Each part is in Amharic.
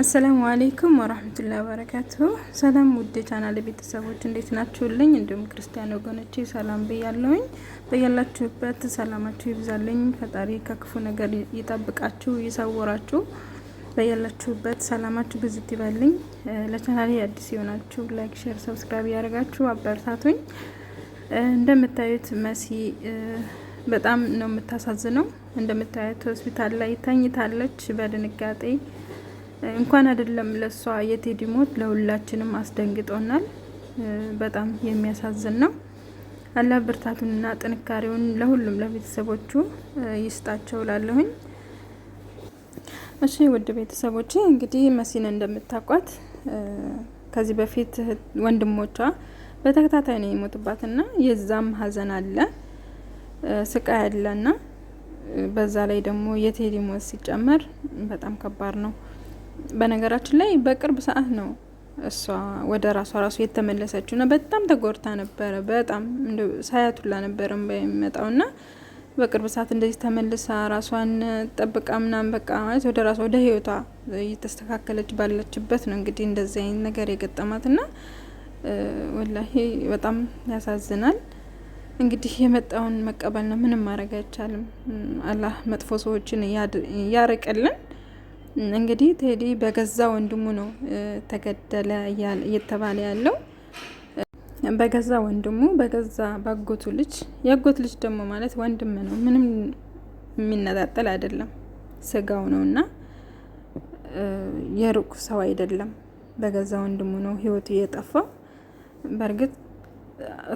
አሰላሙ አሌይኩም ወራህመቱላሂ ወበረካቱሁ። ሰላም ውድ ቻናል ቤተሰቦች እንዴት ናችሁልኝ? እንዲሁም ክርስቲያን ወገኖቼ ሰላም ብያለሁኝ። በያላችሁበት ሰላማችሁ ይብዛልኝ። ፈጣሪ ከክፉ ነገር ይጠብቃችሁ፣ ይሰውራችሁ። በያላችሁበት ሰላማችሁ ብዙ ይበልኝ። ለቻናሌ አዲስ የሆናችሁ ላይክ፣ ሼር፣ ሰብስክራይብ ያደርጋችሁ አበረታቱኝ። እንደምታዩት መሲ በጣም ነው የምታሳዝነው። እንደምታዩት ሆስፒታል ላይ ተኝታለች በድንጋጤ እንኳን አይደለም ለሷ የቴዲ ሞት ለሁላችንም አስደንግጦናል። በጣም የሚያሳዝን ነው። አላህ ብርታቱንና ጥንካሬውን ለሁሉም ለቤተሰቦቹ ይስጣቸው ላለሁኝ። እሺ ውድ ቤተሰቦች እንግዲህ መሲን እንደምታውቋት ከዚህ በፊት ወንድሞቿ በተከታታይ ነው የሞቱባትና የዛም ሀዘን አለ ስቃይ አለና በዛ ላይ ደግሞ የቴዲ ሞት ሲጨመር በጣም ከባድ ነው። በነገራችን ላይ በቅርብ ሰዓት ነው እሷ ወደ ራሷ ራሱ የተመለሰችው ና በጣም ተጎድታ ነበረ። በጣም ሳያቱላ ነበረ የሚመጣው ና በቅርብ ሰዓት እንደዚህ ተመልሳ ራሷን ጠብቃ ምናምን በቃ ማለት ወደ ራሷ ወደ ህይወቷ እየተስተካከለች ባለችበት ነው እንግዲህ እንደዚህ አይነት ነገር የገጠማት ና ወላሂ በጣም ያሳዝናል። እንግዲህ የመጣውን መቀበል ነው። ምንም ማድረግ አይቻልም። አላህ መጥፎ ሰዎችን እያርቅልን። እንግዲህ ቴዲ በገዛ ወንድሙ ነው ተገደለ እየተባለ ያለው። በገዛ ወንድሙ በገዛ ባጎቱ ልጅ የአጎት ልጅ ደግሞ ማለት ወንድም ነው፣ ምንም የሚነጣጠል አይደለም፣ ስጋው ነው እና የሩቅ ሰው አይደለም። በገዛ ወንድሙ ነው ህይወቱ የጠፋው። በእርግጥ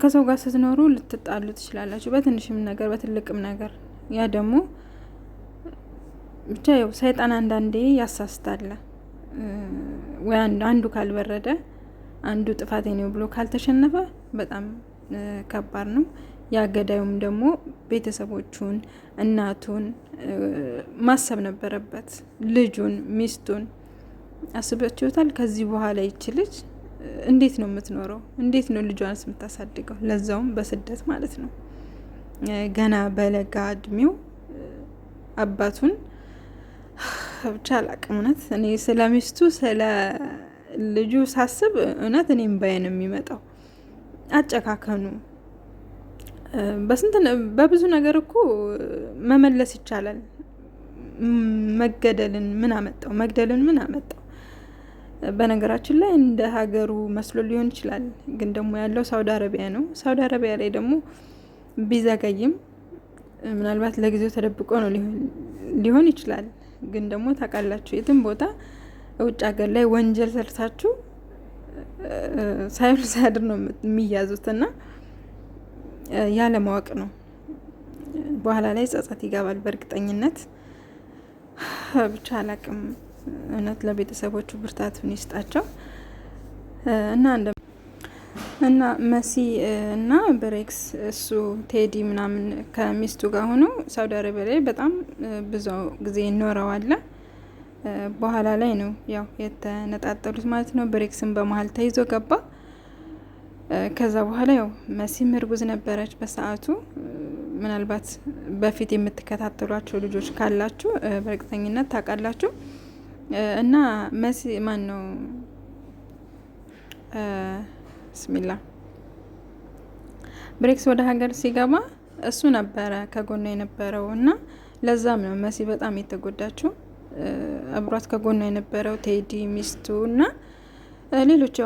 ከሰው ጋር ስትኖሩ ልትጣሉ ትችላላችሁ፣ በትንሽም ነገር በትልቅም ነገር ያ ደግሞ ብቻ ያው ሰይጣን አንዳንዴ ያሳስታል። ወይ አንዱ ካልበረደ አንዱ ጥፋቴ ነው ብሎ ካልተሸነፈ በጣም ከባድ ነው። ያገዳዩም ደግሞ ቤተሰቦቹን፣ እናቱን ማሰብ ነበረበት። ልጁን፣ ሚስቱን አስባችሁታል? ከዚህ በኋላ ይች ልጅ እንዴት ነው የምትኖረው? እንዴት ነው ልጇንስ የምታሳድገው? ለዛውም በስደት ማለት ነው። ገና በለጋ እድሜው አባቱን ብቻ አላቅም። እውነት እኔ ስለ ሚስቱ ስለ ልጁ ሳስብ እውነት እኔም ባይን የሚመጣው አጨካከኑ በስንት በብዙ ነገር እኮ መመለስ ይቻላል። መገደልን ምን አመጣው? መግደልን ምን አመጣው? በነገራችን ላይ እንደ ሀገሩ መስሎ ሊሆን ይችላል፣ ግን ደግሞ ያለው ሳውዲ አረቢያ ነው። ሳውዲ አረቢያ ላይ ደግሞ ቢዘገይም ምናልባት ለጊዜው ተደብቆ ነው ሊሆን ይችላል ግን ደግሞ ታውቃላችሁ የትም ቦታ ውጭ ሀገር ላይ ወንጀል ሰርታችሁ ሳይሉ ሳያድር ነው የሚያዙት እና ያለማወቅ ነው። በኋላ ላይ ጸጸት ይገባል በእርግጠኝነት። ብቻ አላቅም። እውነት ለቤተሰቦቹ ብርታቱን ይስጣቸው እና እና መሲ እና ብሬክስ እሱ ቴዲ ምናምን ከሚስቱ ጋር ሆኖ ሳውዲ አረቢያ ላይ በጣም ብዙ ጊዜ ይኖረዋለ። በኋላ ላይ ነው ያው የተነጣጠሉት ማለት ነው። ብሬክስን በመሀል ተይዞ ገባ። ከዛ በኋላ ያው መሲም እርጉዝ ነበረች በሰዓቱ። ምናልባት በፊት የምትከታተሏቸው ልጆች ካላችሁ በእርግጠኝነት ታውቃላችሁ። እና መሲ ማን ነው ብስሚላ ብሬክስ ወደ ሀገር ሲገባ እሱ ነበረ ከጎኗ የነበረው እና ለዛም ነው መሲ በጣም የተጎዳችው። አብሯት ከጎኗ የነበረው ቴዲ ሚስቱ እና ሌሎች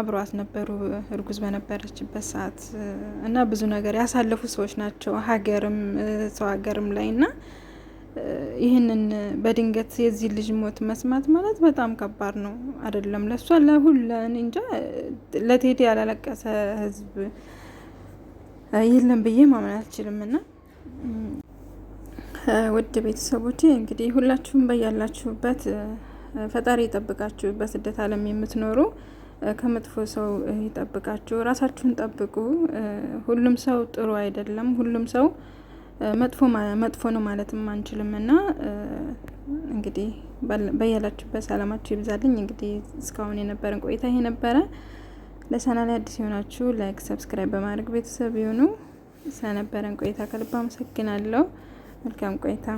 አብሯት ነበሩ እርጉዝ በነበረችበት ሰዓት እና ብዙ ነገር ያሳለፉ ሰዎች ናቸው ሀገርም ሰው ሀገርም ላይ እና ይህንን በድንገት የዚህ ልጅ ሞት መስማት ማለት በጣም ከባድ ነው። አይደለም ለእሷ ለሁለን እንጃ ለቴዲ ያላለቀሰ ህዝብ የለም ብዬ ማመን አልችልም። እና ውድ ቤተሰቦች እንግዲህ ሁላችሁም በያላችሁበት ፈጣሪ ይጠብቃችሁ። በስደት ዓለም የምትኖሩ ከመጥፎ ሰው ይጠብቃችሁ። ራሳችሁን ጠብቁ። ሁሉም ሰው ጥሩ አይደለም። ሁሉም ሰው መጥፎ ነው ማለትም አንችልም እና እንግዲህ በያላችሁበት ሰላማችሁ ይብዛልኝ። እንግዲህ እስካሁን የነበረን ቆይታ ይሄ ነበረ። ላይ አዲስ የሆናችሁ ላይክ፣ ሰብስክራይብ በማድረግ ቤተሰብ የሆኑ ስለነበረን ቆይታ ከልብ አመሰግናለሁ። መልካም ቆይታ